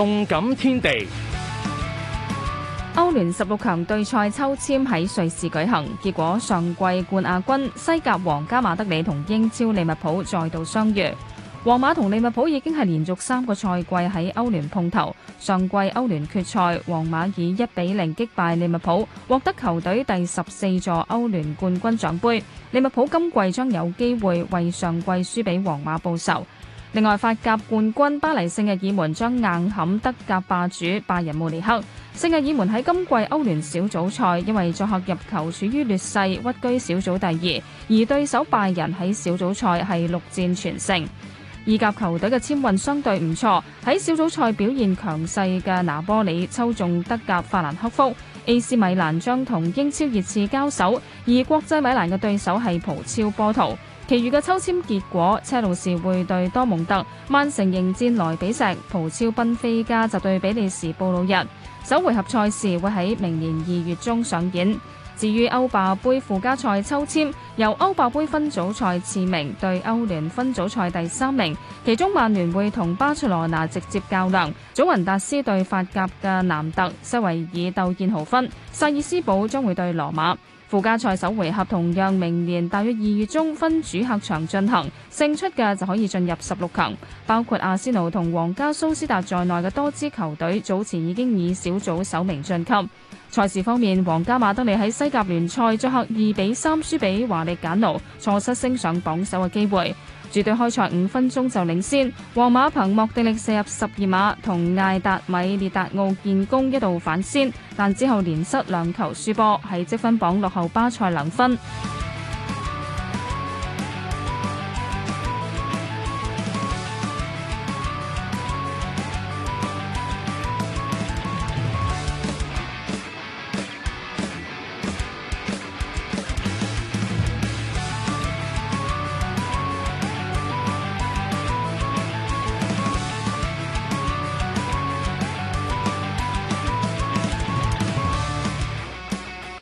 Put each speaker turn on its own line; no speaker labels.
動感天地，歐聯十六強對賽抽籤喺瑞士舉行，結果上季冠亞軍西甲皇家馬德里同英超利物浦再度相遇。皇馬同利物浦已經係連續三個賽季喺歐聯碰頭，上季歐聯決賽皇馬以一比零擊敗利物浦，獲得球隊第十四座歐聯冠軍獎杯。利物浦今季將有機會為上季輸俾皇馬報仇。另外，法甲冠軍巴黎聖日耳門將硬撼德甲霸主拜仁慕尼克。聖日耳門喺今季歐聯小組賽因為作客入球處於劣勢，屈居小組第二，而對手拜仁喺小組賽係六戰全勝。意甲球隊嘅簽運相對唔錯，喺小組賽表現強勢嘅拿波里抽中德甲法蘭克福。AC 米蘭將同英超熱刺交手，而國際米蘭嘅對手係葡超波圖。其餘嘅抽籤結果，車路士會對多蒙特，曼城迎戰萊比錫，葡超賓菲加就對比利時布魯日。首回合賽事會喺明年二月中上演。至於歐霸盃附加賽抽籤，由歐霸盃分組賽次名對歐聯分組賽第三名，其中曼聯會同巴塞羅那直接較量，祖雲達斯對法甲嘅南特，塞維爾鬥燕豪芬，薩爾斯堡將會對羅馬。附加賽首回合同樣明年大約二月中分主客場進行，勝出嘅就可以進入十六強。包括阿仙奴同皇家蘇斯達在內嘅多支球隊早前已經以小組首名晉級。賽事方面，皇家馬德里喺西甲聯賽作客二比三輸畀華力簡奴，錯失升上榜首嘅機會。主隊開賽五分鐘就領先，皇馬憑莫蒂力射入十二碼同艾達米列達奧建功一度反先，但之後連失兩球輸波，喺積分榜落後巴塞兩分。